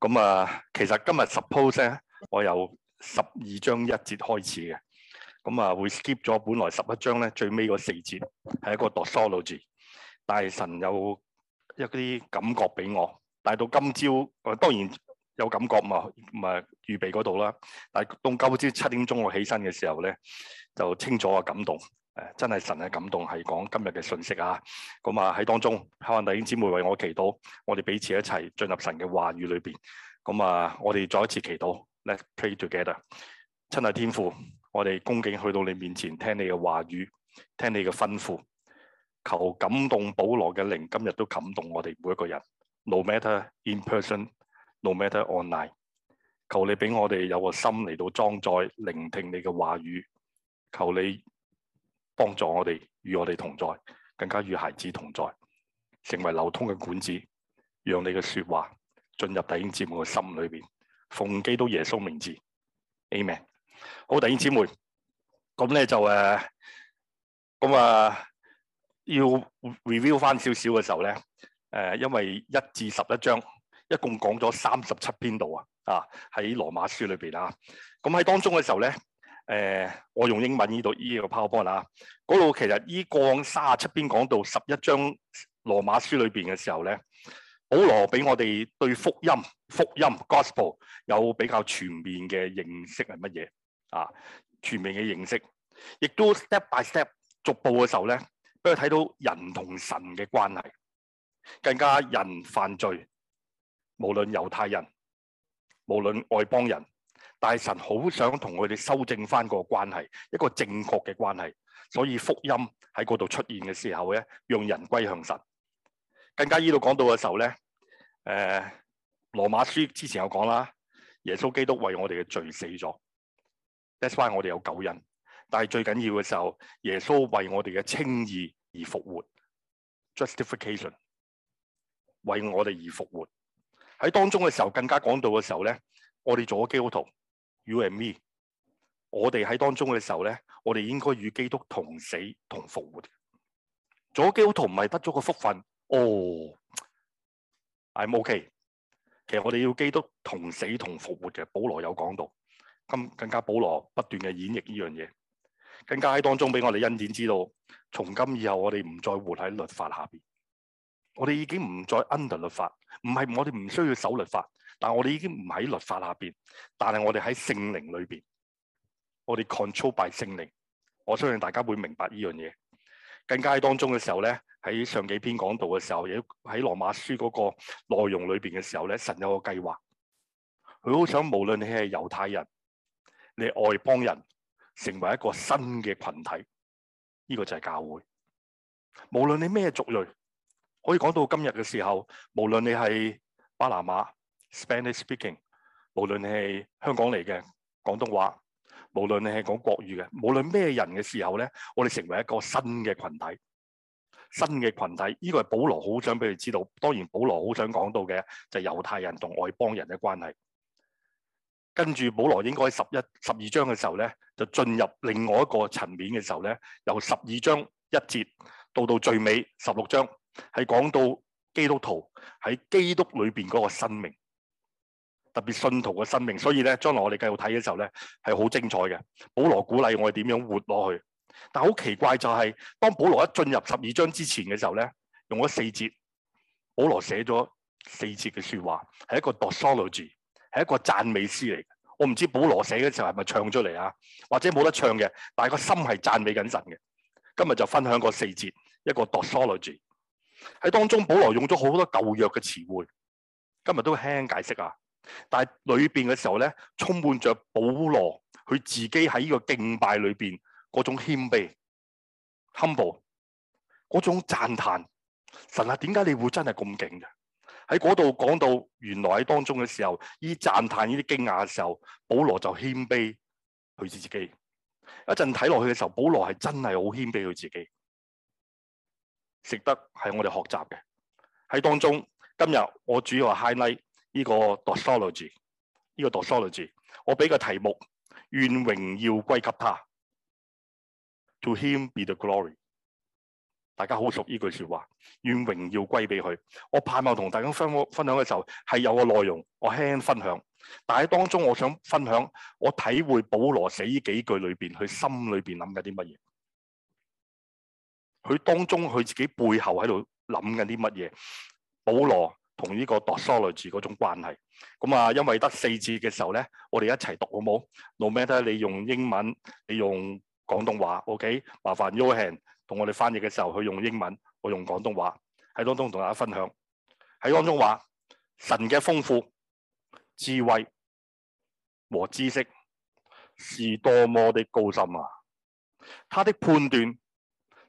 咁啊，其實今日 suppose 咧，我由十二章一節開始嘅，咁啊會 skip 咗本來十一章咧最尾嗰四節，係一個 doxology，但係神有一啲感覺俾我，但到今朝，我、啊、當然有感覺嘛，咪預備嗰度啦。但到今朝七點鐘我起身嘅時候咧，就清楚啊感動。誒、啊，真係神嘅感動，係講今日嘅信息啊！咁啊喺當中，盼望弟兄姊妹為我祈禱，我哋彼此一齊進入神嘅話語裏邊。咁啊，我哋再一次祈禱，Let’s pray together。親愛天父，我哋恭敬去到你面前，聽你嘅話語，聽你嘅吩咐，求感動保羅嘅靈，今日都感動我哋每一個人。No matter in person, no matter online，求你俾我哋有個心嚟到裝載聆聽你嘅話語，求你。幫助我哋與我哋同在，更加與孩子同在，成為流通嘅管子，讓你嘅說話進入弟兄姊妹嘅心裏邊，奉基督耶穌名字，Amen。好，弟兄姊妹，咁咧就誒，咁、呃、啊、呃、要 review 翻少少嘅時候咧，誒、呃，因為一至十一章一共講咗三十七篇度啊，啊喺羅馬書裏邊啊，咁喺當中嘅時候咧。誒、呃，我用英文呢度呢個 PowerPoint 啦、啊，嗰度其實呢個三啊七篇講到十一章羅馬書裏邊嘅時候咧，保羅俾我哋對福音福音 Gospel 有比較全面嘅認識係乜嘢啊？全面嘅認識，亦都 step by step 逐步嘅時候咧，俾佢睇到人同神嘅關係，更加人犯罪，無論猶太人，無論外邦人。大神好想同我哋修正翻個關係，一個正確嘅關係。所以福音喺嗰度出現嘅時候咧，用人歸向神。更加呢度講到嘅時候咧，誒、呃，羅馬書之前有講啦，耶穌基督為我哋嘅罪死咗。That’s why 我哋有救恩。但係最緊要嘅時候，耶穌為我哋嘅清義而復活。Justification 為我哋而復活。喺當中嘅時候，更加講到嘅時候咧，我哋做咗基督徒。You and me，我哋喺當中嘅時候咧，我哋應該與基督同死同復活。咗基督徒唔係得咗個福分哦，I'm OK。其實我哋要基督同死同復活嘅，保羅有講到，更更加保羅不斷嘅演繹呢樣嘢，更加喺當中俾我哋恩典知道，從今以後我哋唔再活喺律法下邊。我哋已經唔再 under 律法，唔係我哋唔需要守律法，但係我哋已經唔喺律法下邊，但係我哋喺聖靈裏邊，我哋 control by 聖靈。我相信大家會明白呢樣嘢。更加喺當中嘅時候咧，喺上幾篇講到嘅時候，喺《羅馬書》嗰個內容裏邊嘅時候咧，神有個計劃，佢好想無論你係猶太人，你外邦人，成為一個新嘅群體，呢個就係教會。無論你咩族類。可以講到今日嘅時候，無論你係巴拿馬 （Spanish-speaking），無論你係香港嚟嘅廣東話，無論你係講國語嘅，無論咩人嘅時候咧，我哋成為一個新嘅群體。新嘅群體，呢、呢個係保羅好想俾你知道。當然保羅很到的，保羅好想講到嘅就係、是、猶太人同外邦人嘅關係。跟住保羅應該喺十一、十二章嘅時候咧，就進入另外一個層面嘅時候咧，由十二章一節到到最尾十六章。係講到基督徒喺基督裏邊嗰個生命，特別信徒嘅生命。所以咧，將來我哋繼續睇嘅時候咧，係好精彩嘅。保羅鼓勵我哋點樣活落去。但係好奇怪就係、是，當保羅一進入十二章之前嘅時候咧，用咗四節，保羅寫咗四節嘅說話，係一個 doxology，係一個讚美詩嚟嘅。我唔知保羅寫嘅時候係咪唱出嚟啊，或者冇得唱嘅，但係個心係讚美緊神嘅。今日就分享個四節，一個 doxology。喺當中，保羅用咗好多舊約嘅詞彙，今日都輕輕解釋啊。但係裏邊嘅時候咧，充滿着保羅佢自己喺呢個敬拜裏邊嗰種謙卑、humble，嗰種讚歎神啊，點解你會真係咁勁嘅？喺嗰度講到原來喺當中嘅時候，以讚歎、呢啲驚訝嘅時候，保羅就謙卑佢自己。一陣睇落去嘅時候，保羅係真係好謙卑佢自己。值得係我哋學習嘅喺當中，今日我主要係 highlight 呢個 doxology 呢個 doxology 我俾個題目願榮耀歸給他，to him be the glory。大家好熟呢句說話，願榮耀歸俾佢。我盼望同大家分分享嘅時候係有個內容，我輕分享。但係當中，我想分享我體會保羅死呢幾句裏面，佢心裏面諗緊啲乜嘢。佢當中佢自己背後喺度諗緊啲乜嘢？保羅同呢個 doxology 嗰種關係，咁啊，因為得四節嘅時候咧，我哋一齊讀好冇？盧明德，你用英文，你用廣東話，OK？麻煩 Yohan 同我哋翻譯嘅時候，佢用英文，我用廣東話，喺當中同大家分享。喺當中話，神嘅豐富智慧和知識是多麼的高深啊！他的判斷，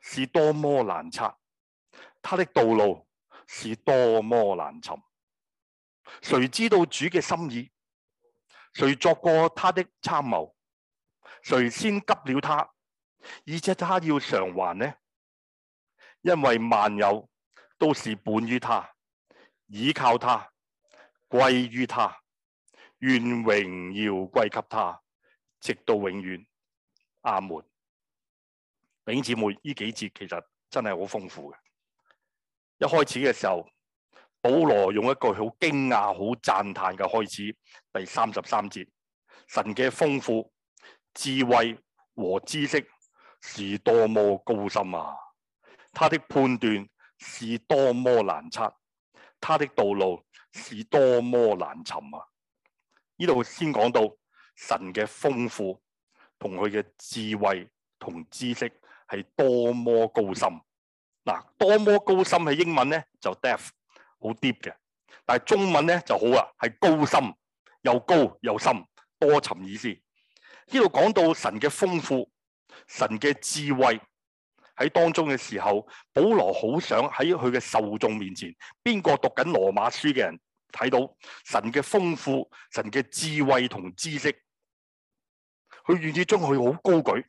是多麼難測，他的道路是多麼難尋，誰知道主嘅心意？誰作過他的參謀？誰先給了他，而且他要償還呢？因為萬有都是本於他，倚靠他，歸於他，願榮耀歸給他，直到永遠。阿門。弟兄姊妹，呢幾節其實真係好豐富嘅。一開始嘅時候，保羅用一句好驚訝、好讚嘆嘅開始，第三十三節，神嘅豐富、智慧和知識是多麼高深啊！他的判斷是多麼難測，他的道路是多麼難尋啊！呢度先講到神嘅豐富同佢嘅智慧同知識。係多麼高深嗱，多麼高深嘅英文咧就 depth 好 deep 嘅，但係中文咧就好啦，係高深，又高又深，多層意思。呢度講到神嘅豐富、神嘅智慧喺當中嘅時候，保羅好想喺佢嘅受眾面前，邊個讀緊羅馬書嘅人睇到神嘅豐富、神嘅智慧同知識，佢願意將佢好高舉，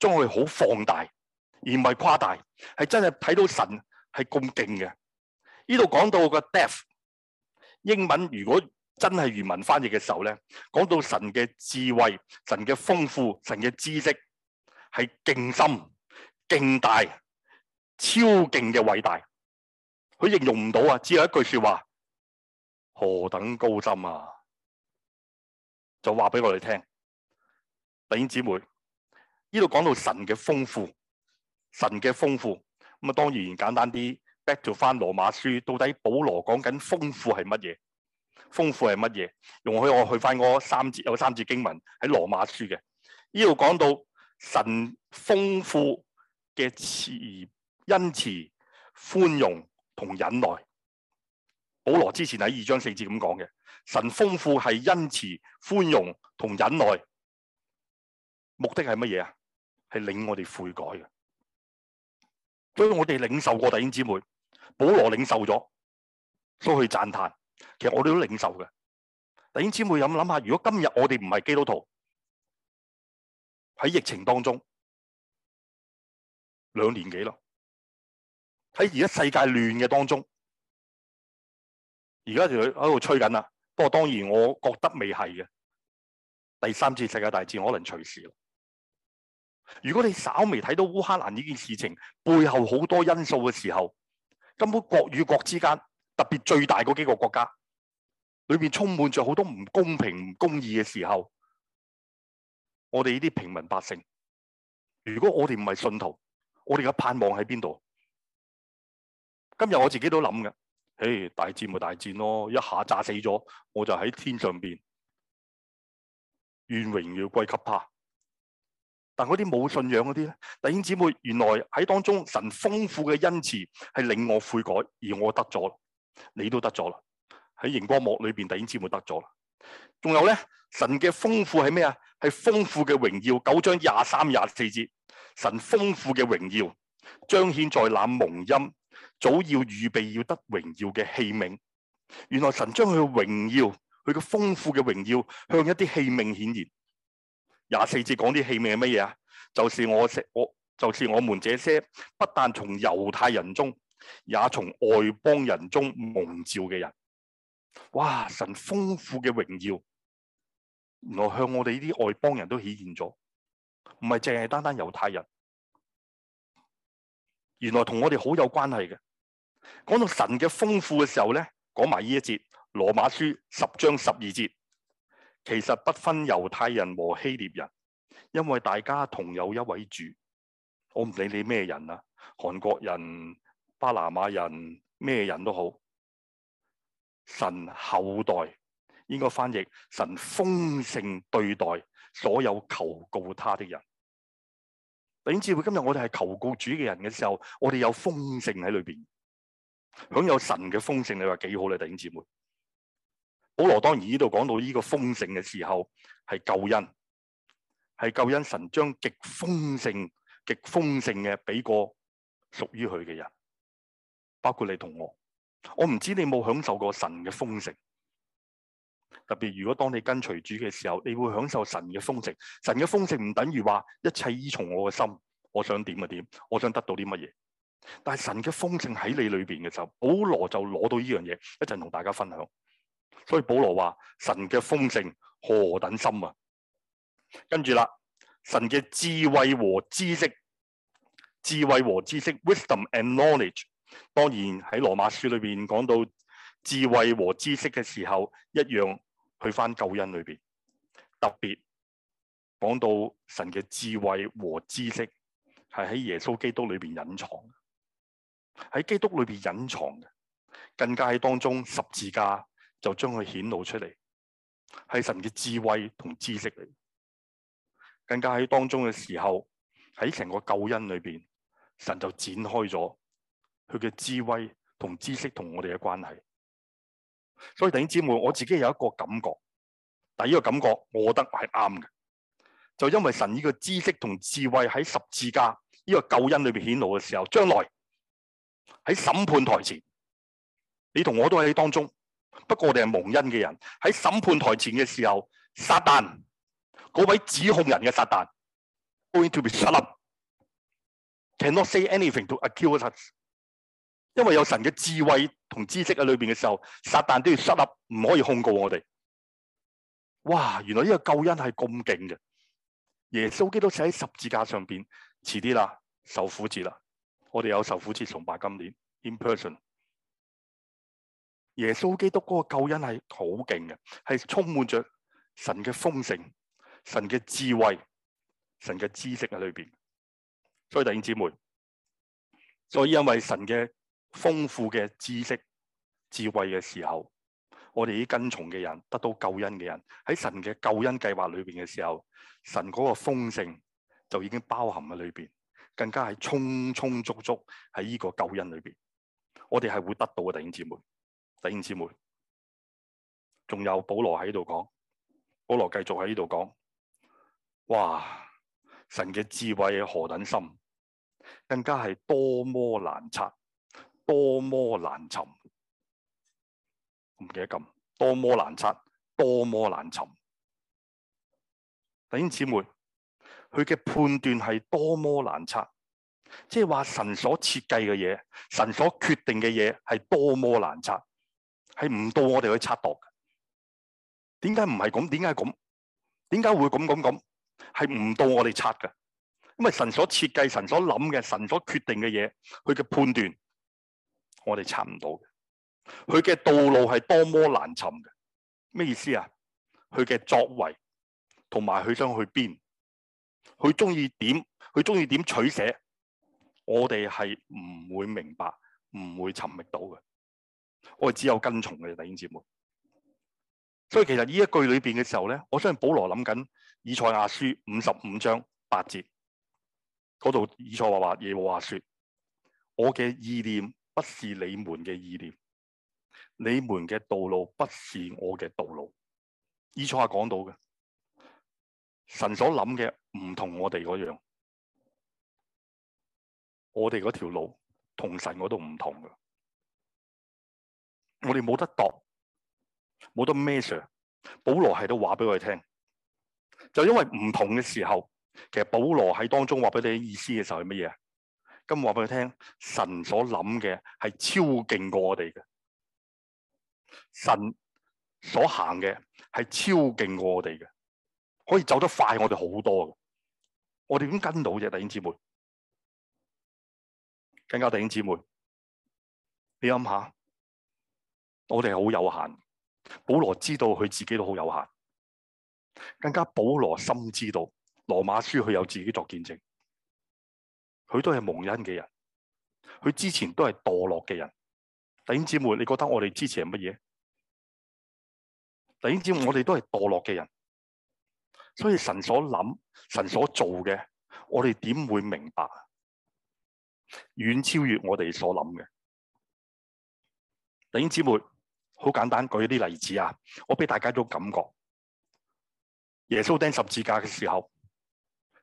將佢好放大，而唔係誇大，係真係睇到神係咁勁嘅。呢度講到個 death 英文，如果真係原文翻譯嘅時候咧，講到神嘅智慧、神嘅豐富、神嘅知識，係勁深、勁大、超勁嘅偉大，佢形容唔到啊！只有一句說話：何等高深啊！就話俾我哋聽，弟兄姊妹，呢度講到神嘅豐富。神嘅豐富，咁啊，當然簡單啲，back to 翻羅馬書，到底保羅講緊豐富係乜嘢？豐富係乜嘢？容許我去翻嗰三節，有三節經文喺羅馬書嘅。呢度講到神豐富嘅慈、恩慈、寬容同忍耐。保羅之前喺二章四節咁講嘅，神豐富係恩慈、寬容同忍耐，目的係乜嘢啊？係領我哋悔改嘅。所以我哋領受過弟兄姊妹，保羅領受咗，都去贊嘆。其實我哋都領受嘅。弟兄姊妹咁諗下，如果今日我哋唔係基督徒，喺疫情當中兩年幾啦，喺而家世界亂嘅當中，而家就喺度吹緊啦。不過當然，我覺得未係嘅。第三次世界大戰可能隨時。如果你稍微睇到烏克蘭呢件事情背後好多因素嘅時候，根本國與國之間，特別最大嗰幾個國家，裏面充滿着好多唔公平、唔公義嘅時候，我哋呢啲平民百姓，如果我哋唔係信徒，我哋嘅盼望喺邊度？今日我自己都諗嘅，唉，大戰咪大戰咯，一下炸死咗，我就喺天上邊，願榮耀歸給他。但嗰啲冇信仰嗰啲咧，弟兄姊妹，原來喺當中神豐富嘅恩慈係令我悔改，而我得咗啦，你都得咗啦，喺熒光幕裏邊，弟兄姊妹得咗啦。仲有咧，神嘅豐富係咩啊？係豐富嘅榮耀。九章廿三、廿四節，神豐富嘅榮耀彰顯在那蒙恩，早要預備要得榮耀嘅器皿。原來神將佢嘅榮耀，佢嘅豐富嘅榮耀，向一啲器皿顯現。廿四節講啲器皿係乜嘢啊？就是我我，就是我們這些不但從猶太人中，也從外邦人中蒙召嘅人。哇！神豐富嘅榮耀，原來向我哋呢啲外邦人都顯現咗，唔係淨係單單猶太人。原來同我哋好有關係嘅。講到神嘅豐富嘅時候咧，講埋呢一節羅馬書十章十二節。其實不分猶太人和希臘人，因為大家同有一位主。我唔理你咩人啊，韓國人、巴拿馬人，咩人都好。神後代應該翻譯神豐盛對待所有求告他的人。弟兄姊妹，今日我哋係求告主嘅人嘅時候，我哋有豐盛喺裏邊，享有神嘅豐盛。你話幾好咧，弟兄姊妹。保羅當然呢度講到呢個豐盛嘅時候，係救恩，係救恩神將極豐盛、極豐盛嘅俾個屬於佢嘅人，包括你同我。我唔知你有冇享受過神嘅豐盛，特別如果當你跟隨主嘅時候，你會享受神嘅豐盛。神嘅豐盛唔等於話一切依從我嘅心，我想點就點，我想得到啲乜嘢。但係神嘅豐盛喺你裏邊嘅時候，保羅就攞到呢樣嘢，一陣同大家分享。所以保羅話神嘅豐盛何等深啊！跟住啦，神嘅智慧和知識，智慧和知識 （wisdom and knowledge）。當然喺羅馬書裏邊講到智慧和知識嘅時候，一樣去翻救恩裏邊，特別講到神嘅智慧和知識係喺耶穌基督裏邊隱藏的，喺基督裏邊隱藏嘅，更加喺當中十字架。就將佢顯露出嚟，係神嘅智慧同知識嚟。更加喺當中嘅時候，喺成個救恩裏邊，神就展開咗佢嘅智慧同知識同我哋嘅關係。所以弟兄姊妹，我自己有一個感覺，但係呢個感覺，我覺得係啱嘅。就因為神呢個知識同智慧喺十字架呢個救恩裏邊顯露嘅時候，將來喺審判台前，你同我都喺當中。不過我哋係蒙恩嘅人，喺審判台前嘅時候，撒旦嗰位指控人嘅撒旦，going to be shut up，cannot say anything to accuse us, 因為有神嘅智慧同知識喺裏邊嘅時候，撒旦都要 shut up，唔可以控告我哋。哇！原來呢個救恩係咁勁嘅，耶穌基督死喺十字架上邊，遲啲啦，受苦節啦，我哋有受苦節崇拜今年 in person。耶穌基督嗰個救恩係好勁嘅，係充滿着神嘅豐盛、神嘅智慧、神嘅知識喺裏邊，所以弟兄姊妹，所以因為神嘅豐富嘅知識、智慧嘅時候，我哋呢跟從嘅人得到救恩嘅人喺神嘅救恩計劃裏邊嘅時候，神嗰個豐盛就已經包含喺裏邊，更加係充充足足喺呢個救恩裏邊，我哋係會得到嘅，弟兄姊妹。弟兄姊妹，仲有保羅喺度講，保羅繼續喺呢度講，哇！神嘅智慧何等深，更加係多麼難測，多麼難尋，唔記得咁，多麼難測，多麼難尋。弟兄姊妹，佢嘅判斷係多麼難測，即係話神所設計嘅嘢，神所決定嘅嘢係多麼難測。係唔到我哋去測度嘅？點解唔係咁？點解咁？點解會咁咁咁？係唔到我哋測嘅？因為神所設計、神所諗嘅、神所決定嘅嘢，佢嘅判斷，我哋測唔到嘅。佢嘅道路係多麽難尋嘅？咩意思啊？佢嘅作為同埋佢想去邊，佢中意點？佢中意點取捨？我哋係唔會明白，唔會尋覓到嘅。我哋只有跟從嘅弟兄姐妹，所以其實呢一句裏邊嘅時候咧，我相信保羅諗緊《以賽亞書》五十五章八節嗰度，以賽亞話嘢話説：我嘅意念不是你們嘅意念，你們嘅道路不是我嘅道路。以賽亞講到嘅神所諗嘅唔同我哋嗰樣，我哋嗰條路神都唔同神嗰度唔同嘅。我哋冇得度，冇得 measure 保羅喺度話俾我哋聽，就因為唔同嘅時候，其實保羅喺當中話俾你意思嘅時候係乜嘢？咁話俾佢聽，神所諗嘅係超勁過我哋嘅，神所行嘅係超勁過我哋嘅，可以走得快我哋好多嘅。我哋點跟到啫？弟兄姊妹，更加弟兄姊妹，你諗下。我哋好有限，保羅知道佢自己都好有限，更加保羅深知道羅馬書，佢有自己作見證，佢都係蒙恩嘅人，佢之前都係墮落嘅人。弟兄姊妹，你覺得我哋之前係乜嘢？弟兄姊妹，我哋都係墮落嘅人，所以神所諗、神所做嘅，我哋點會明白？遠超越我哋所諗嘅。弟兄姊妹。好簡單，舉一啲例子啊！我俾大家都感覺。耶穌釘十字架嘅時候，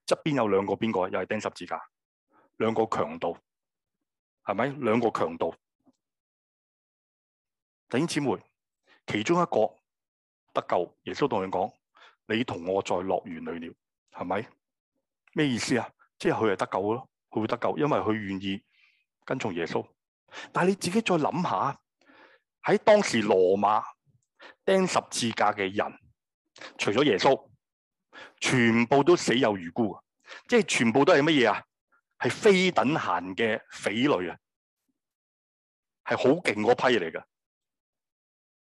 側邊有兩個邊個，又係釘十字架，兩個強盜，係咪？兩個強盜，弟兄姊妹，其中一個得救。耶穌同佢講，你同我在樂園裏了，係咪？咩意思啊？即係佢係得救咯，佢會得救，因為佢願意跟從耶穌。但係你自己再諗下。喺當時羅馬釘十字架嘅人，除咗耶穌，全部都死有餘辜，即係全部都係乜嘢啊？係非等閒嘅匪類啊，係好勁嗰批嚟㗎，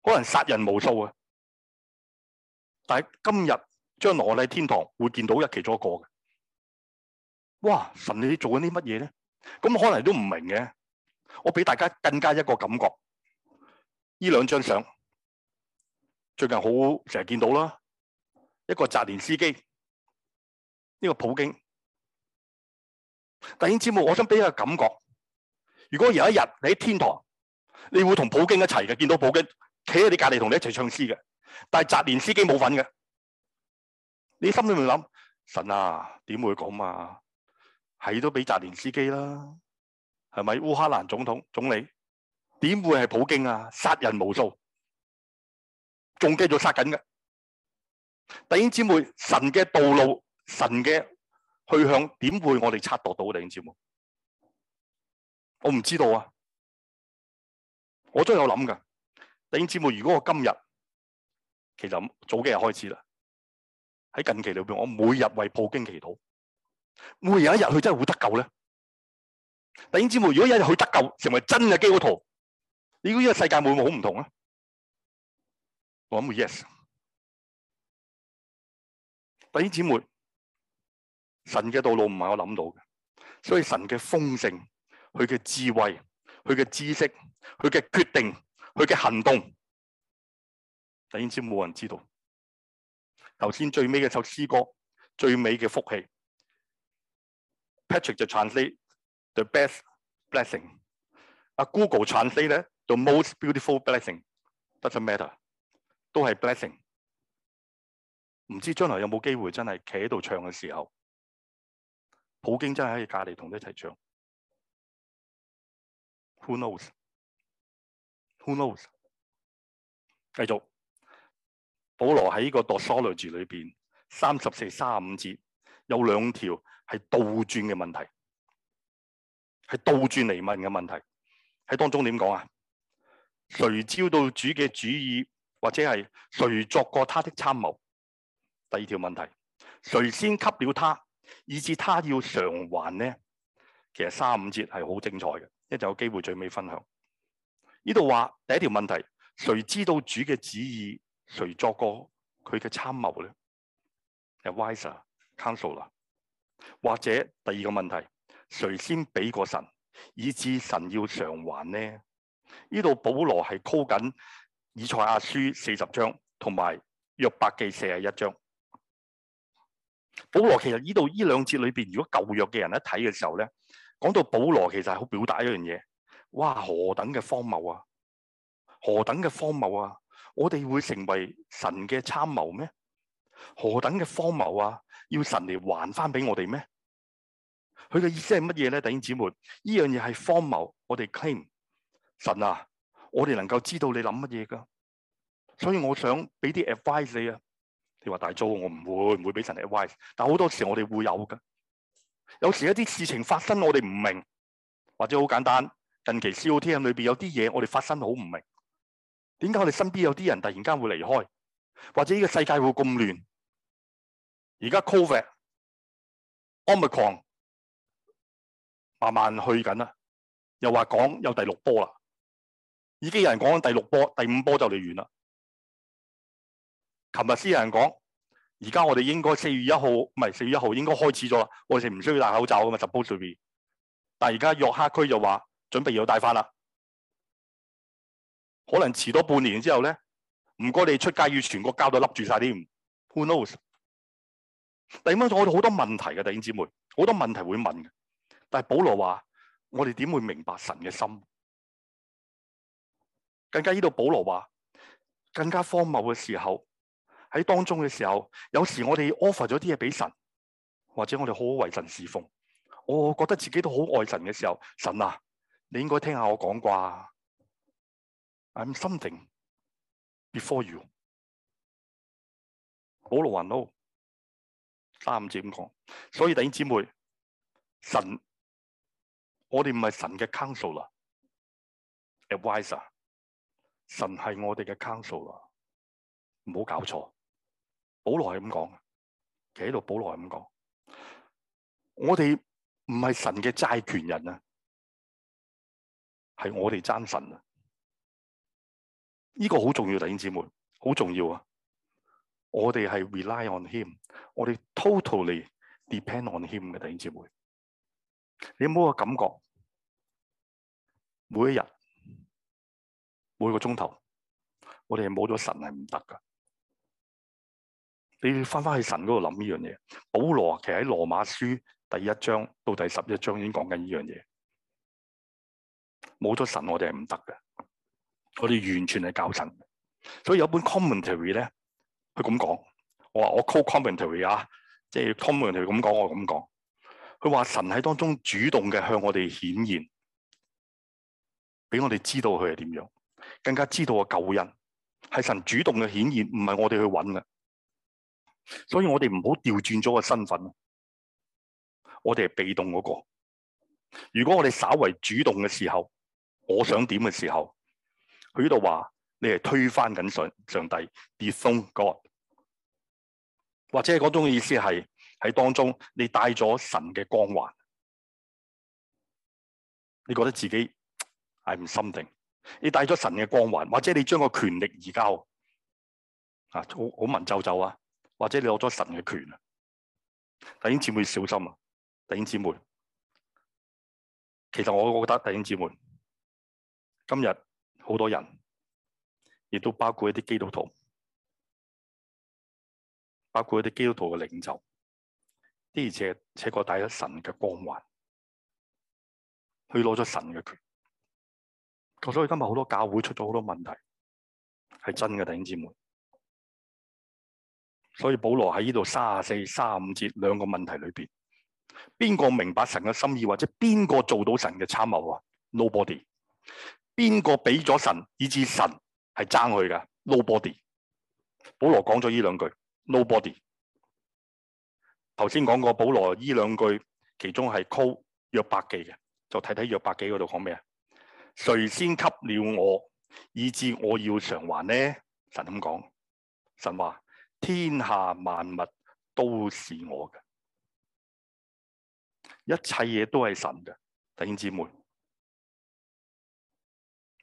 可能殺人無數啊！但係今日將來我喺天堂會見到一其中一個嘅，哇！神你做緊啲乜嘢呢？咁可能都唔明嘅，我俾大家更加一個感覺。呢兩張相最近好成日見到啦，一個澤連斯基，一個普京。突然你知冇，我想俾一個感覺。如果有一日你喺天堂，你會同普京一齊嘅，見到普京企喺你隔離同你一齊唱詩嘅。但係澤連斯基冇份嘅。你心裏面諗神啊，點會咁啊？係都俾澤連斯基啦，係咪？烏克蘭總統，總理。點會係普京啊？殺人無數，仲繼續殺緊嘅。弟兄姐妹，神嘅道路，神嘅去向，點會我哋測度到？弟兄姐妹，我唔知道啊！我都有諗噶。弟兄姐妹，如果我今日，其實早幾日開始啦，喺近期裏邊，我每日為普京祈禱，每日一日佢真係會得救咧？弟兄姐妹，如果一日佢得救，成為真嘅基督徒。你估呢個世界會唔會好唔同啊？我諗會 yes。弟兄姊妹，神嘅道路唔係我諗到嘅，所以神嘅豐盛、佢嘅智慧、佢嘅知識、佢嘅決定、佢嘅行動，弟兄姊妹冇人知道。頭先最尾嘅首詩歌，最尾嘅福氣，Patrick 就 translate the best blessing，阿 Google translate 咧。The most beautiful blessing doesn't matter，都係 blessing。唔知將來有冇機會真係企喺度唱嘅時候，普京真係喺隔籬同佢一齊唱。Who knows？Who knows？繼續，保羅喺呢個 doxology 裏邊三十四、三十五節有兩條係倒轉嘅問題，係倒轉嚟問嘅問題喺當中點講啊？誰知道主嘅主意，或者係誰作過他的參謀？第二條問題，誰先給了他，以致他要償還呢？其實三五節係好精彩嘅，一陣有機會最尾分享。呢度話第一條問題，誰知道主嘅旨意，誰作過佢嘅參謀呢？Advisor、counselor，或者第二個問題，誰先俾過神，以致神要償還呢？呢度保羅係靠緊以賽亞書四十章，同埋約伯記四十一章。保羅其實呢度呢兩節裏邊，如果舊約嘅人一睇嘅時候咧，講到保羅其實係好表達一樣嘢。哇，何等嘅荒謬啊！何等嘅荒謬啊！我哋會成為神嘅參謀咩？何等嘅荒謬啊！要神嚟還翻俾我哋咩？佢嘅意思係乜嘢咧？弟兄姊妹，呢樣嘢係荒謬，我哋 claim。神啊，我哋能夠知道你諗乜嘢㗎，所以我想俾啲 advice 你啊。你話大租我唔會唔會俾神 advice，但好多時我哋會有㗎。有時一啲事情發生，我哋唔明，或者好簡單，近期 COTM 裏邊有啲嘢，我哋發生好唔明。點解我哋身邊有啲人突然間會離開，或者呢個世界會咁亂？而家 COVID Omicron 慢慢去緊啊。又話講有第六波啦。已經有人講緊第六波、第五波就嚟完啦。琴日先有人講，而家我哋應該四月一號，唔係四月一號應該開始咗啦。我哋唔需要戴口罩噶嘛，supposed to be。但係而家約克區就話準備要戴翻啦，可能遲多半年之後咧，唔該你出街要全個膠袋笠住曬添。Who knows？第二，我哋好多問題嘅、啊、弟兄姊妹，好多問題會問嘅。但係保羅話：我哋點會明白神嘅心？更加呢度，保羅話更加荒謬嘅時候，喺當中嘅時候，有時我哋 offer 咗啲嘢俾神，或者我哋好好為神侍奉，我覺得自己都好愛神嘅時候，神啊，你應該聽下我講啩。I'm something before you，保羅云咯、啊，三字咁講。所以弟兄姊妹，神，我哋唔係神嘅 counselor，adviser。神係我哋嘅 counsel 啊，唔好搞錯。保羅係咁講，企喺度。保羅係咁講，我哋唔係神嘅債權人啊，係我哋爭神啊。呢、這個好重要，弟兄姊妹，好重要啊！我哋係 rely on him，我哋 totally depend on him 嘅弟兄姊妹，你有冇個感覺，每一日。每個鐘頭，我哋係冇咗神係唔得噶。你要翻翻去神嗰度諗呢樣嘢。保羅其實喺羅馬書第一章到第十一章已經講緊呢樣嘢。冇咗神，我哋係唔得噶。我哋完全係教神。所以有一本 commentary 咧，佢咁講。我話我 call commentary 啊，即係 commentary 咁講，我咁講。佢話神喺當中主動嘅向我哋顯現，俾我哋知道佢係點樣。更加知道個舊人係神主動嘅顯現，唔係我哋去揾嘅。所以我哋唔好調轉咗個身份，我哋係被動嗰、那個。如果我哋稍為主動嘅時候，我想點嘅時候，佢呢度話你係推翻緊上上帝，disown God，或者係嗰種意思係喺當中你帶咗神嘅光環，你覺得自己 I'm something。」你帶咗神嘅光環，或者你將個權力移交，啊，好好文縐縐啊，或者你攞咗神嘅權，弟兄姊妹小心啊！弟兄姊妹，其實我覺得弟兄姊妹今日好多人，亦都包括一啲基督徒，包括一啲基督徒嘅領袖，啲而且且確帶咗神嘅光環，去攞咗神嘅權。所以今日好多教會出咗好多問題，係真嘅，弟兄姊妹。所以保羅喺呢度三十四、三十五節兩個問題裏邊，邊個明白神嘅心意或者邊個做到神嘅參謀啊？Nobody。邊個俾咗神，以致神係爭佢噶？Nobody。保羅講咗呢兩句，Nobody。頭先講過保羅呢兩句，其中係 call 約伯記嘅，就睇睇約伯記嗰度講咩啊？誰先給了我，以致我要償還呢？神咁講，神話天下萬物都是我嘅，一切嘢都係神嘅。弟兄姊妹，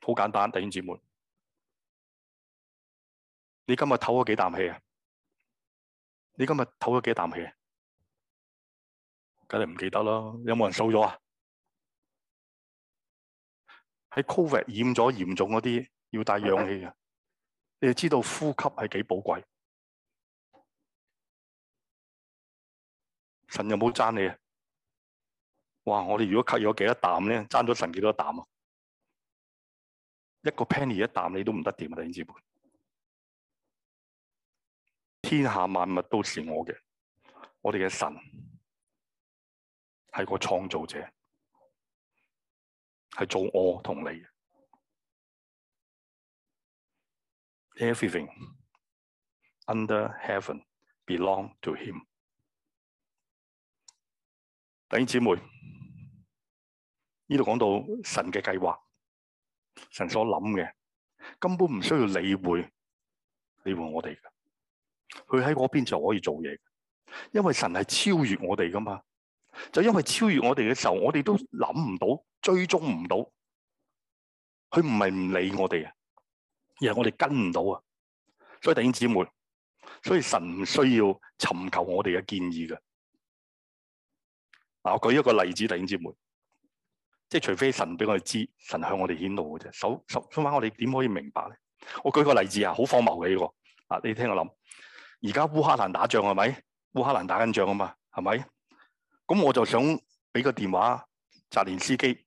好簡單。弟兄姊妹，你今日唞咗幾啖氣啊？你今日唞咗幾啖氣啊？梗係唔記得啦。有冇人數咗啊？喺 Covid 染咗嚴重嗰啲要戴氧氣嘅，你就知道呼吸係幾寶貴。神有冇爭你啊？哇！我哋如果吸咗幾多啖咧，爭咗神幾多啖啊？一個 penny 一啖你都唔得掂啊！你知唔知，天下萬物都是我嘅，我哋嘅神係個創造者。係做我同你嘅，everything under heaven belong to him。弟兄姊妹，呢度講到神嘅計劃，神所諗嘅根本唔需要理會，理會我哋嘅。佢喺嗰邊就可以做嘢，因為神係超越我哋㗎嘛。就因為超越我哋嘅時候，我哋都諗唔到。追蹤唔到，佢唔係唔理我哋嘅，而係我哋跟唔到啊！所以弟兄姊妹，所以神唔需要尋求我哋嘅建議嘅。嗱，我舉一個例子，弟兄姊妹，即係除非神俾我哋知，神向我哋顯露嘅啫。手手，點解我哋點可以明白咧？我舉個例子啊，好荒謬嘅呢個。啊，你聽我諗，而家烏克蘭打仗係咪？烏克蘭打緊仗啊嘛，係咪？咁我就想俾個電話澤連斯基。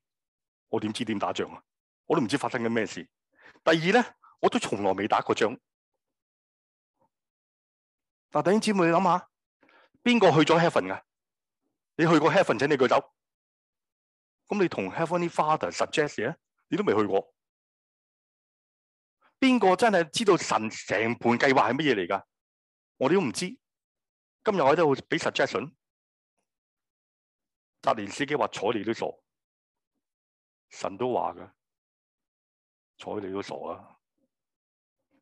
我點知點打仗啊？我都唔知發生緊咩事。第二咧，我都從來未打過仗。嗱，弟兄姐妹你諗下，邊個去咗 Heaven 噶？你去過 Heaven，請你舉手。咁你同 Heavenly Father suggest 咧？你都未去過。邊個真係知道神成盤計劃係乜嘢嚟㗎？我哋都唔知。今日我都度俾 suggestion。達連司機話睬你都傻。神都話嘅，睬你都傻啦！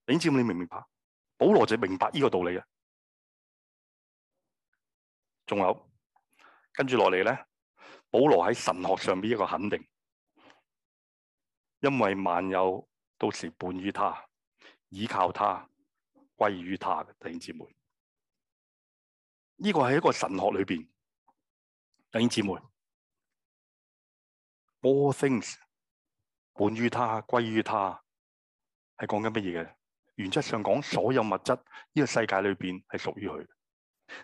弟兄姊妹你明唔明白？保羅就明白呢個道理啊。仲有，跟住落嚟咧，保羅喺神學上邊一個肯定，因為萬有都是本於他，倚靠他，歸於他嘅弟兄姊妹。呢、這個係一個神學裏邊，弟兄姊妹。All things 本於他，歸於他，係講緊乜嘢嘅？原則上講，所有物質呢個世界裏邊係屬於佢。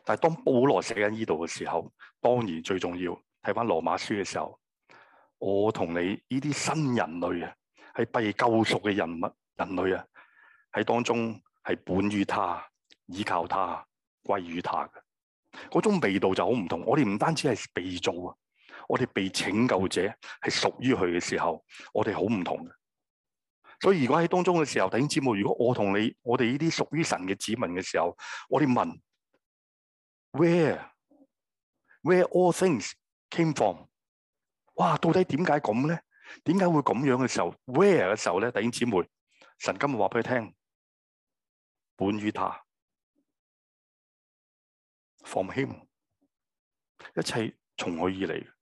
但係當保羅寫緊呢度嘅時候，當然最重要睇翻羅馬書嘅時候，我同你呢啲新人類啊，係被救贖嘅人物人類啊，喺當中係本於他依靠他，歸於他嘅嗰種味道就好唔同。我哋唔單止係被造啊。我哋被拯救者係屬於佢嘅時候，我哋好唔同嘅。所以如果喺當中嘅時候，弟兄姊妹，如果我同你，我哋呢啲屬於神嘅子民嘅時候，我哋問：where，where where all things came from？哇，到底點解咁咧？點解會咁樣嘅時候？where 嘅時候咧，弟兄姊妹，神今日話俾佢聽：本於他，from him，一切從佢而嚟。.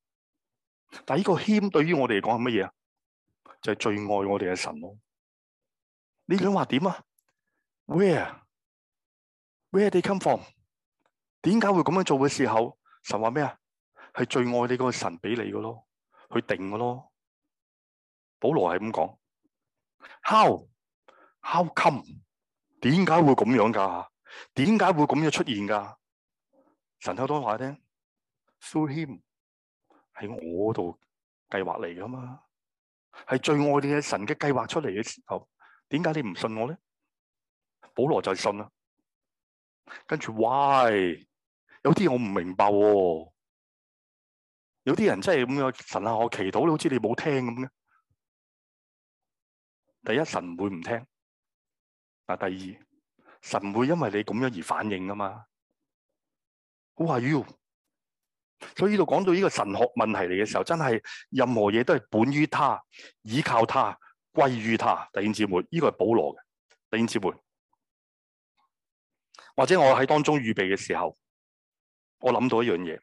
但係呢個 Him 對於我哋嚟講係乜嘢啊？就係、是、最愛我哋嘅神咯。你想話點啊？Where, where they come from？點解會咁樣做嘅時候，神話咩啊？係最愛你的個神俾你嘅咯，去定嘅咯。保羅係咁講。How, how come？點解會咁樣噶？點解會咁樣出現噶？神有多話呢？So him。喺我度計劃嚟噶嘛，係最愛你嘅神嘅計劃出嚟嘅時候，點解你唔信我咧？保羅就信啦，跟住 why？有啲我唔明白喎、哦，有啲人真係咁樣的，神啊，我祈禱，好似你冇聽咁咧。第一，神唔會唔聽。第二，神唔會因為你咁樣而反應噶嘛。我話 you。所以呢度講到呢個神學問題嚟嘅時候，真係任何嘢都係本於他，倚靠他，歸於他。弟兄姊妹，呢、這個係保羅嘅。弟兄姊妹，或者我喺當中預備嘅時候，我諗到一樣嘢。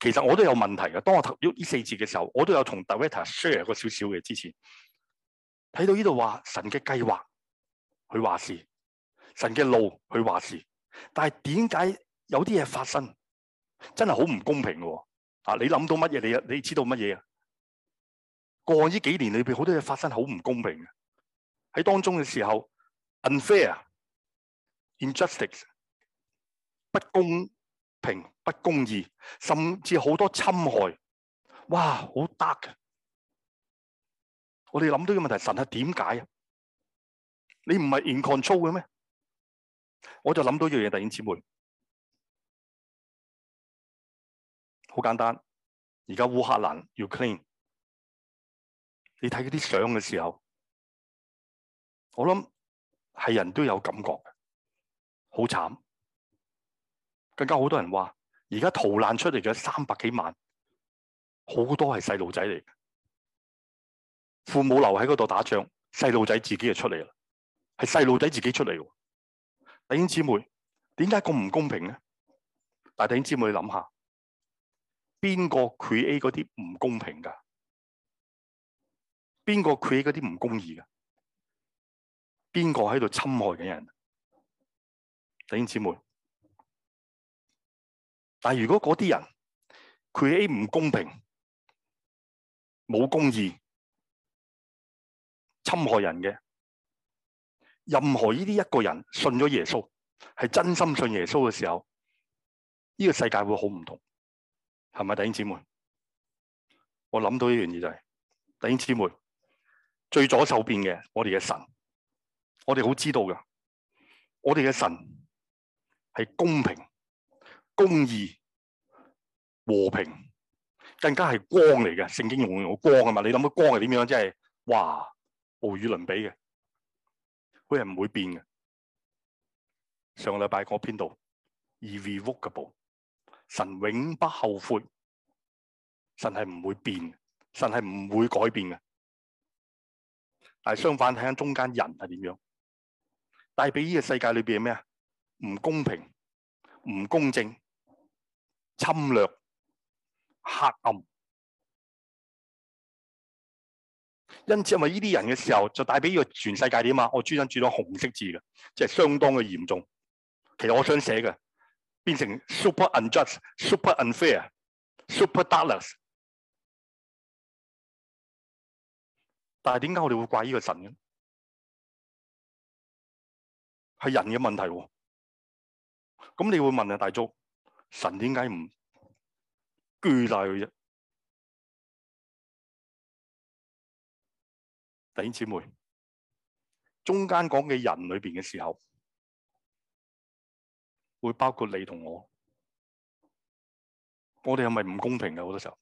其實我都有問題嘅。當我讀呢四節嘅時候，我都有同 David share 過少少嘅。之前睇到呢度話神嘅計劃，去話事，神嘅路，去話事。但係點解有啲嘢發生？真係好唔公平嘅，啊！你諗到乜嘢？你你知道乜嘢啊？過呢幾年裏邊好多嘢發生，好唔公平嘅。喺當中嘅時候，unfair，injustice，不公平、不公義，甚至好多侵害。哇，好 dark！啊我哋諗到嘅問題是神，神係點解啊？你唔係 in control 嘅咩？我就諗到一樣嘢，弟兄姊妹。好簡單，而家烏克蘭要 clean，你睇嗰啲相嘅時候，我諗係人都有感覺，好慘，更加好多人話，而家逃難出嚟咗三百幾萬，好多係細路仔嚟，父母留喺嗰度打仗，細路仔自己就出嚟啦，係細路仔自己出嚟，弟兄姊妹，點解咁唔公平咧？但弟兄姊妹你諗下。你想想。邊個 create 嗰啲唔公平噶？邊個 create 嗰啲唔公義噶？邊個喺度侵害緊人？弟兄姊妹，但係如果嗰啲人 create 唔公平、冇公義、侵害人嘅，任何呢啲一個人信咗耶穌，係真心信耶穌嘅時候，呢個世界會好唔同。係咪弟兄姊妹？我諗到呢樣嘢就係，弟兄姊妹，最左手邊嘅我哋嘅神，我哋好知道㗎，我哋嘅神係公平、公義、和平，更加係光嚟嘅。聖經用用光啊嘛，你諗到光係點樣？即係哇，無與倫比嘅，佢係唔會變嘅。上個禮拜講邊度？Irrevocable 神永不後悔，神係唔會變，神係唔會改變嘅。但係相反，睇下中間人係點樣，帶俾呢個世界裏邊係咩啊？唔公平、唔公正、侵略、黑暗。因此，因為呢啲人嘅時候就帶俾呢個全世界點啊嘛。我專登注咗紅色字嘅，即係相當嘅嚴重。其實我想寫嘅。變成 super unjust、super unfair、super Dallas，但係點解我哋會怪呢個神嘅？係人嘅問題喎、哦。咁你會問啊，大族，神點解唔巨大嘅啫？弟兄姊妹，中間講嘅人裏邊嘅時候。會包括你同我，我哋係咪唔公平嘅好多時候？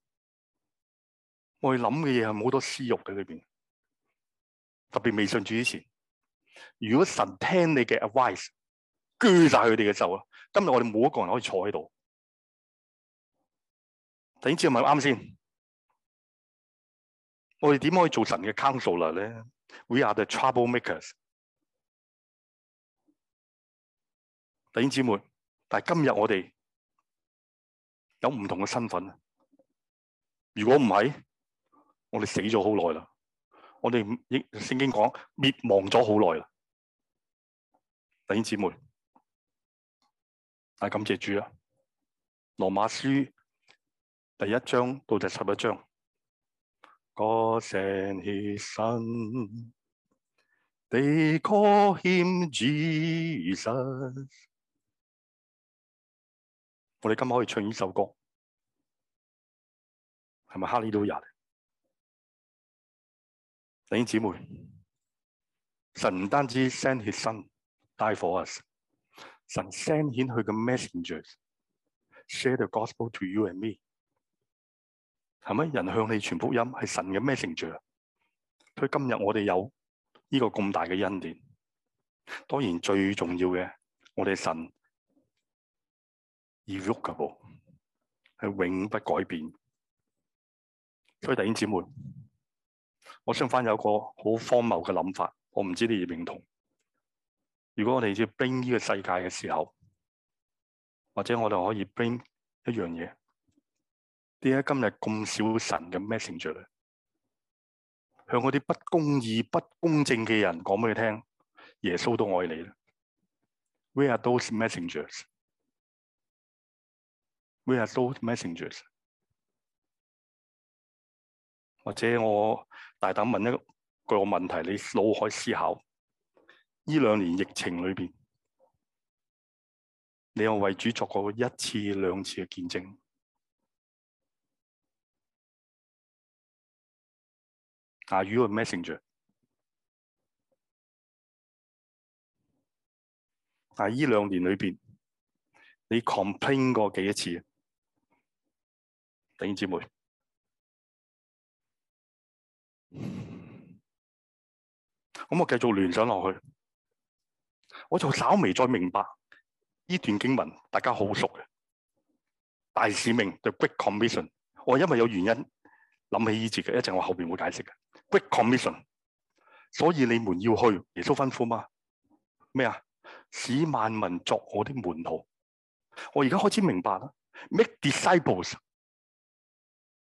我哋諗嘅嘢係好多私欲喺裏邊，特別未信主之前。如果神聽你嘅 advice，拒晒佢哋嘅手咯。今日我哋冇一個人可以坐喺度，點知係咪啱先？我哋點可以做神嘅 counselor 咧？We are the troublemakers。弟兄姊妹，但係今日我哋有唔同嘅身份啊！如果唔係，我哋死咗好耐啦，我哋聖經講滅亡咗好耐啦。弟兄姊妹，啊，感謝主啊！羅馬書第一章到第十一章，God sent his son, they call him Jesus. 我哋今日可以唱呢首歌，係咪哈利路亞？弟兄姊妹，神唔單止 send His Son die for us，神 send 遣佢嘅 messengers share the gospel to you and me，係咪人向你傳福音？係神嘅 messenger，所以今日我哋有呢個咁大嘅恩典，當然最重要嘅，我哋神。而喐噶部，係永不改變。所以弟兄姊妹，我想翻有一個好荒謬嘅諗法，我唔知道你認唔認同。如果我哋要冰呢個世界嘅時候，或者我哋可以冰一樣嘢，點解今日咁少神嘅 messenger 咧？向嗰啲不公義、不公正嘅人講俾佢聽，耶穌都愛你咧。We are those messengers。We are those messengers. 或者我大膽問一個問題，你腦海思考呢兩年疫情裏邊，你有為主作過一次、兩次嘅見證？Are you a messenger？啊，呢兩年裏邊，你 complain 過幾多次？弟兄姊妹，咁我繼續聯想落去，我就稍微再明白呢段經文，大家好熟嘅大使命嘅 Great Commission。我因為有原因諗起呢節嘅，一陣我後邊會解釋嘅 Great Commission，所以你們要去耶穌吩咐嗎？咩啊？使萬民作我的門徒，我而家開始明白啦，make disciples。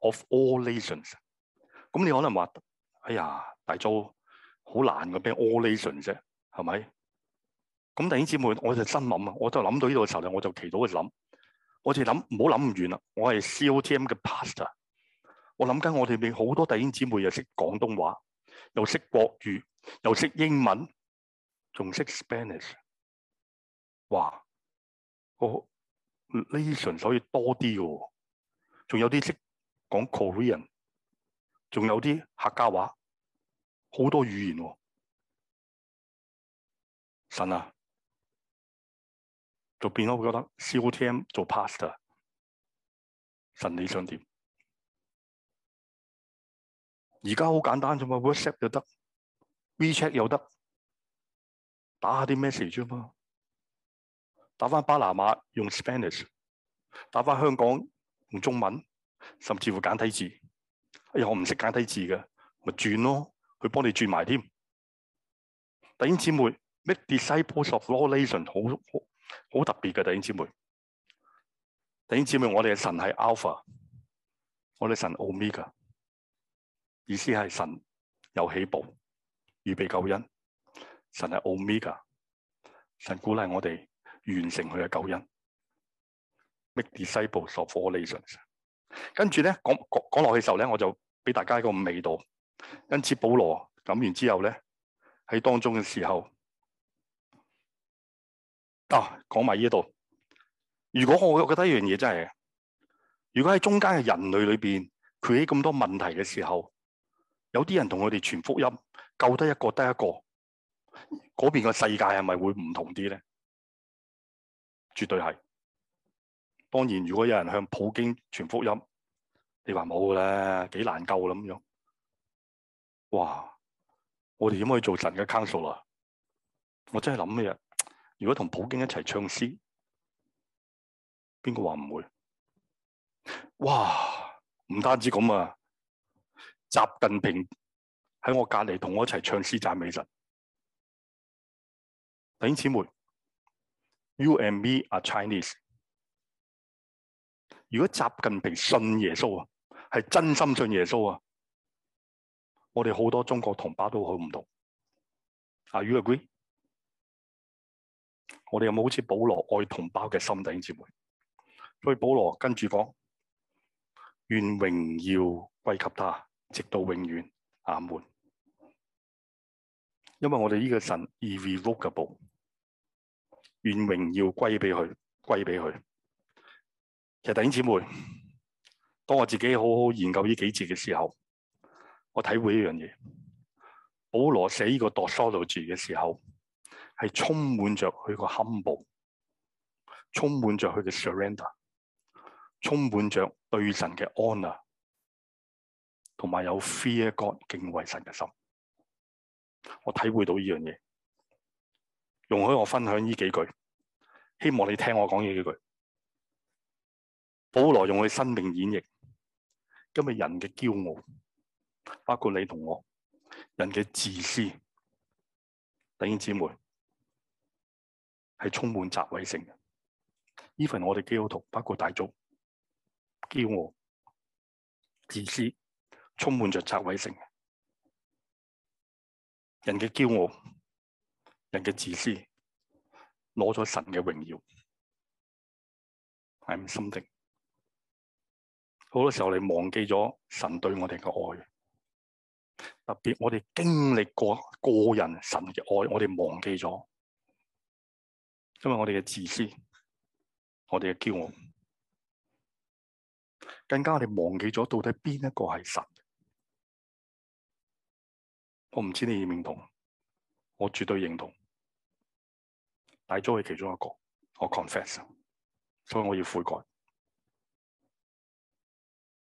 of all nations，咁你可能話，哎呀，大周好難嘅咩 all nations 啫，係咪？咁弟兄姊妹，我就心諗啊，我就諗到呢度嘅時候咧，我就祈禱去諗，我哋諗唔好諗唔遠啦。我係 COTM 嘅 pastor，我諗緊我哋咪好多弟兄姊妹又識廣東話，又識國語，又識英文，仲識 Spanish，哇！我 nation 可以多啲嘅，仲有啲識。講 Korean，仲有啲客家話，好多語言喎、哦。神啊，就變咗覺得 COTM 做 pastor 神。神你想點？而家好簡單啫、啊、嘛，WhatsApp 又得，WeChat 又得，打下啲 message 啫嘛。打返巴拿馬用 Spanish，打返香港用中文。甚至乎簡體字，哎呀，我唔識簡體字嘅，咪轉咯，佢幫你轉埋添。弟兄姊妹，make disciples of all nations 好好特別嘅，弟兄姊妹，弟兄姊妹，我哋嘅神係 Alpha，我哋神是 Omega，意思係神有起步，預備救恩，神係 Omega，神鼓勵我哋完成佢嘅救恩。make disciples of all nations 跟住咧，講講落去嘅時候咧，我就俾大家一個味道。因此保羅飲完之後咧，喺當中嘅時候啊，講埋呢度。如果我覺得一樣嘢真係，如果喺中間嘅人類裏邊，佢喺咁多問題嘅時候，有啲人同我哋傳福音，救得一個得一個，嗰邊個世界係咪會唔同啲咧？絕對係。當然，如果有人向普京傳福音，你話冇嘅咧，幾難救啦咁樣。哇！我哋點可以做神嘅 counsel 啊？我真係諗咩啊？如果同普京一齊唱詩，邊個話唔會？哇！唔單止咁啊，習近平喺我隔籬同我一齊唱詩讚美神。等一陣 You and me are Chinese. 如果習近平信耶穌啊，係真心信耶穌啊，我哋好多中國同胞都好唔同。Are you agree？我哋有冇好似保羅愛同胞嘅心底姊妹？所以保羅跟住講：願榮耀歸給他，直到永遠。阿門。因為我哋呢個神是 revocable，願榮耀歸俾佢，歸俾佢。其實弟兄姊妹，當我自己好好研究呢幾節嘅時候，我體會呢樣嘢。保羅寫呢個 doxology 嘅時候，係充滿着佢個 humble，充滿着佢嘅 surrender，充滿着對神嘅 honour，同埋有 fear God、敬畏神嘅心。我體會到呢樣嘢，容許我分享呢幾句，希望你聽我講呢幾句。保羅用佢生命演繹今日人嘅驕傲，包括你同我人嘅自私，弟兄姊妹係充滿雜位性嘅。even 我哋基督徒包括大眾，驕傲、自私，充滿着雜位性嘅人嘅驕傲、人嘅自私，攞咗神嘅榮耀，係咁心定。好多時候你忘記咗神對我哋嘅愛，特別我哋經歷過個人神嘅愛，我哋忘記咗，因為我哋嘅自私，我哋嘅驕傲，更加我哋忘記咗到底邊一個係神。我唔知道你認唔認同，我絕對認同，大咗係其中一個，我 confess，所以我要悔改。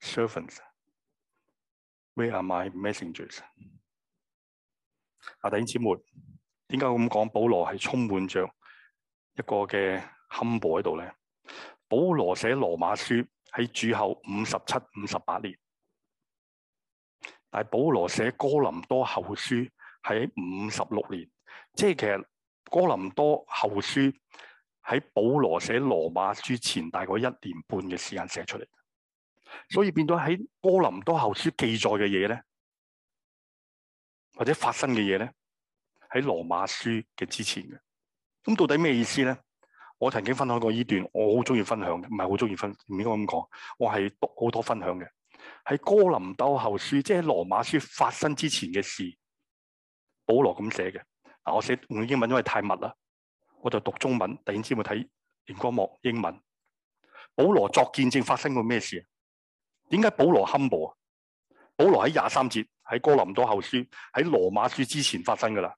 Servants, where are my messengers? 阿弟兄姊妹，點解我咁講？保羅係充滿著一個嘅坎坷喺度咧。保羅寫羅馬書喺主後五十七、五十八年，但係保羅寫哥林多後書喺五十六年，即係其實哥林多後書喺保羅寫羅馬書前大概一年半嘅時間寫出嚟。所以變到喺哥林多後書記載嘅嘢咧，或者發生嘅嘢咧，喺羅馬書嘅之前嘅。咁到底咩意思咧？我曾經分享過呢段，我好中意分享嘅，唔係好中意分享，唔應該咁講。我係讀好多分享嘅，喺哥林多後書，即係喺羅馬書發生之前嘅事，保羅咁寫嘅。嗱，我寫用英文因為太密啦，我就讀中文，突然之我睇連光幕熒光幕英文。保羅作見證發生過咩事？點解保羅坎坷啊？保羅喺廿三節，喺哥林多後書，喺羅馬書之前發生噶啦。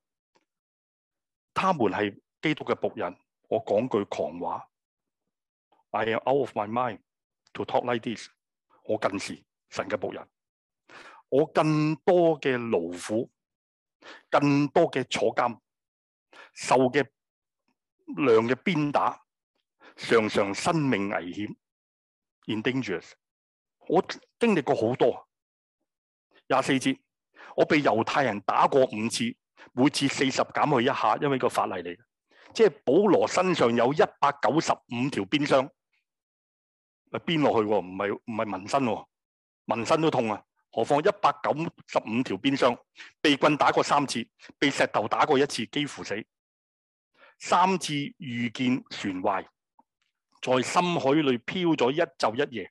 他們係基督嘅僕人。我講句狂話，I am out of my mind to talk like this。我近視，神嘅僕人，我更多嘅勞苦，更多嘅坐監，受嘅量嘅鞭打，常常生命危險，endangered。我經歷過好多廿四節，我被猶太人打過五次，每次四十減去一下，因為個法例嚟嘅。即係保羅身上有一百九十五條鞭傷，咪鞭落去喎，唔係唔係紋身喎，紋身都痛啊，何況一百九十五條鞭傷，被棍打過三次，被石頭打過一次，幾乎死。三次遇見船壞，在深海裡漂咗一晝一夜。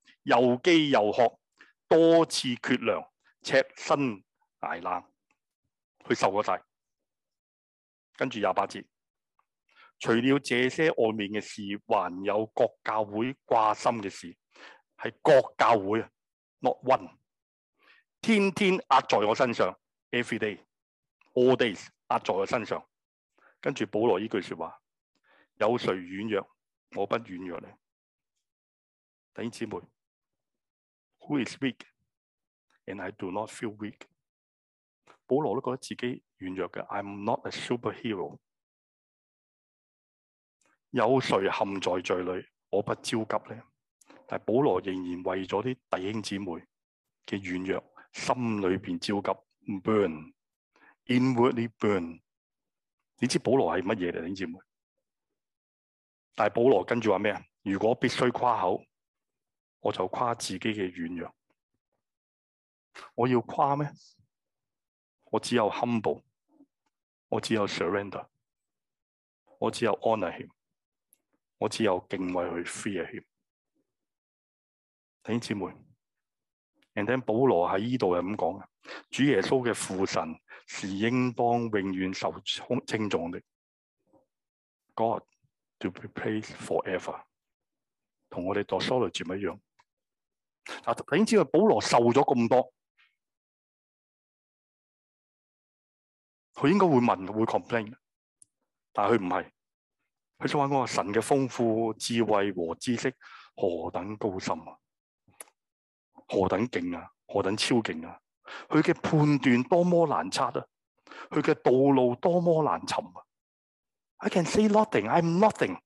又飢又渴，多次缺糧，赤身挨冷，佢受咗晒。跟住廿八節，除了這些外面嘅事，還有各教會掛心嘅事，係各教會啊，not one，天天壓在我身上，every day，all days 壓在我身上。跟住保羅呢句說話：有誰軟弱，我不軟弱呢。等姊妹。Who is weak? And I do not feel weak. 保羅都覺得自己軟弱嘅。I'm not a superhero. 有誰陷在罪裏，我不焦急呢？但保羅仍然為咗啲弟兄姊妹嘅軟弱，心裏邊焦急，burn, inwardly burn. 你知保羅係乜嘢嚟，弟兄姊妹？但保羅跟住話咩啊？如果必須誇口，我就誇自己嘅軟弱，我要誇咩？我只有 humble，我只有 surrender，我只有 honor him，我只有敬畏去 fear him。弟兄姊妹，人哋保羅喺呢度係咁講：主耶穌嘅父神是應當永遠受稱頌的，God to be praised forever。同我哋嘅 doxology 一樣。啊，你知啦，保羅受咗咁多，佢應該會問會 complain，但係佢唔係，佢想話嗰個神嘅豐富智慧和知識何等高深啊，何等勁啊，何等超勁啊，佢嘅判斷多麼難測啊，佢嘅道路多麼難尋啊，I can say nothing, I'm nothing,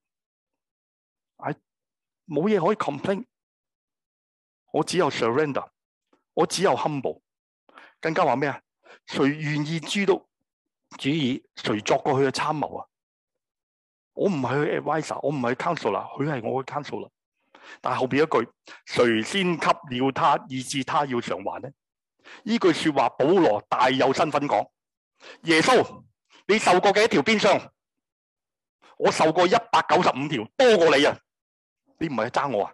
I 冇嘢可以 complain。我只有 surrender，我只有 humble，更加話咩啊？誰願意知道主意？誰作過佢嘅參謀啊？我唔係佢 advisor，我唔係 counselor 啦，佢係我嘅 counselor 啦。但係後邊一句，誰先給了他，以致他要償還呢？呢句說話，保羅大有身份講：耶穌，你受過幾一條鞭傷？我受過一百九十五條，多過你啊！你唔係爭我啊？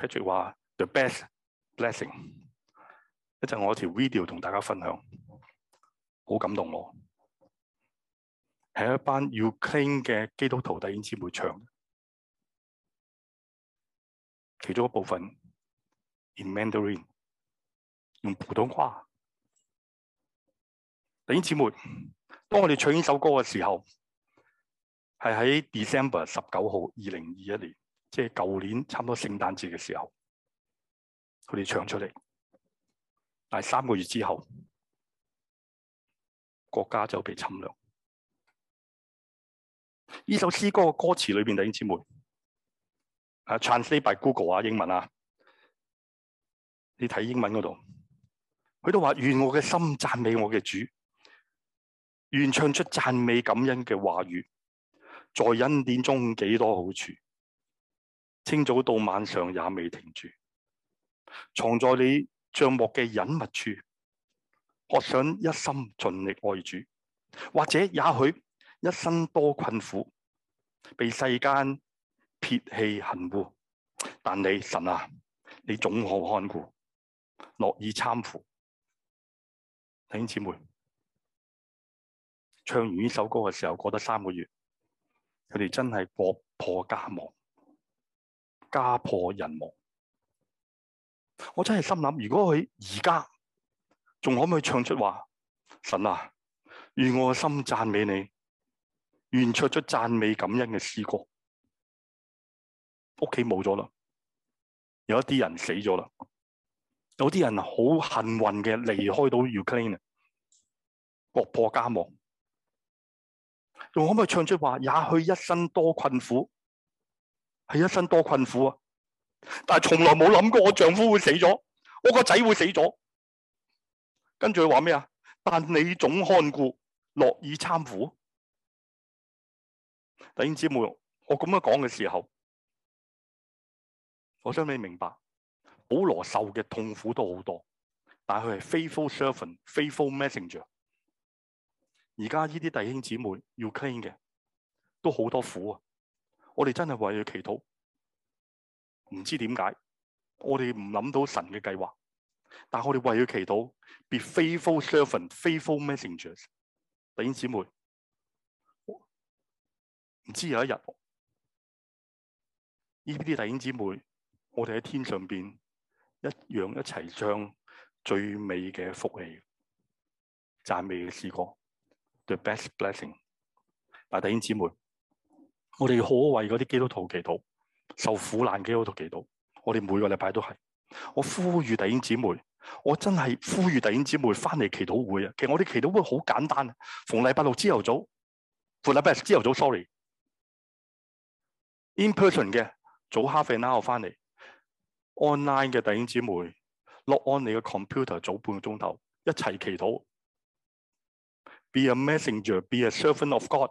Patrick 話：The best blessing。一陣我有條 video 同大家分享，好感動我。係一班 Ukraine 嘅基督徒弟兄姊，姊妹唱，其中一部分 in Mandarin，用普通話。弟兄姊，姊妹，當我哋唱呢首歌嘅時候，係喺 December 十九號二零二一年。即係舊年差唔多聖誕節嘅時候，佢哋唱出嚟，但係三個月之後，國家就被侵略。呢首詩歌嘅歌詞裏邊，弟兄姊妹，啊，唱詩畀 Google 啊，英文啊，你睇英文嗰度，佢都話：願我嘅心讚美我嘅主，願唱出讚美感恩嘅話語，在恩典中幾多好處。清早到晚上也未停住，藏在你帳幕嘅隱密處，我想一心盡力愛主，或者也許一生多困苦，被世間撇棄恨惡，但你神啊，你總可看顧，樂意攙扶。弟兄姊妹，唱完呢首歌嘅時候，過得三個月，佢哋真係國破家亡。家破人亡，我真係心諗，如果佢而家仲可唔可以唱出話神啊，願我心讚美你，願唱出讚美感恩嘅詩歌。屋企冇咗啦，有一啲人死咗啦，有啲人好幸運嘅離開到 Ukraine，國破家亡，仲可唔可以唱出話？也許一生多困苦。係一生多困苦啊！但係從來冇諗過我丈夫會死咗，我個仔會死咗。跟住佢話咩啊？但你總看顧，樂意攙扶。弟兄姊妹，我咁樣講嘅時候，我想畀你明白，保羅受嘅痛苦都好多，但係佢係 faithful servant，faithful messenger。而家呢啲弟兄姊妹要 Ukraine 嘅，都好多苦啊！我哋真係為佢祈禱，唔知點解，我哋唔諗到神嘅計劃，但係我哋為佢祈禱。Be faithful servant, faithful messengers。弟兄姊妹，唔知有一日，呢啲弟兄姊妹，我哋喺天上邊，一樣一齊將最美嘅福氣、讚美嘅詩歌，the best blessing。但弟兄姊妹。我哋可為嗰啲基督徒祈禱，受苦難的基督徒祈禱。我哋每個禮拜都係，我呼籲弟兄姊妹，我真係呼籲弟兄姊妹翻嚟祈禱會啊！其實我哋祈禱會好簡單，逢禮拜六朝頭早，逢禮拜日朝頭早。Sorry，in person 嘅早 half an hour 翻嚟，online 嘅弟兄姊妹 log on 你嘅 computer 早半個鐘頭，一齊祈禱。Be a messenger, be a servant of God.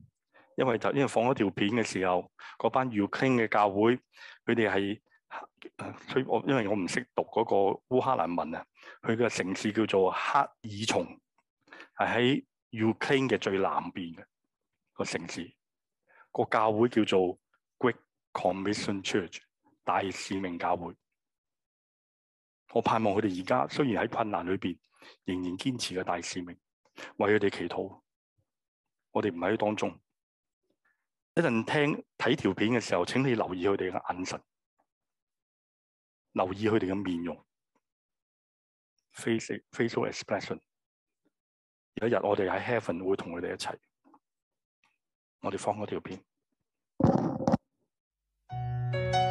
因為就因為放咗條片嘅時候，嗰班 Ukraine 嘅教會，佢哋係，佢我因為我唔識讀嗰個烏克蘭文啊，佢個城市叫做黑爾松，係喺 Ukraine 嘅最南邊嘅個城市。個教會叫做 Great Commission Church 大使命教會。我盼望佢哋而家雖然喺困難裏邊，仍然堅持嘅大使命，為佢哋祈禱。我哋唔喺當中。一陣聽睇條片嘅時候，請你留意佢哋嘅眼神，留意佢哋嘅面容 （face facial expression）。有一日我哋喺 Heaven 會同佢哋一齊，我哋放嗰條片。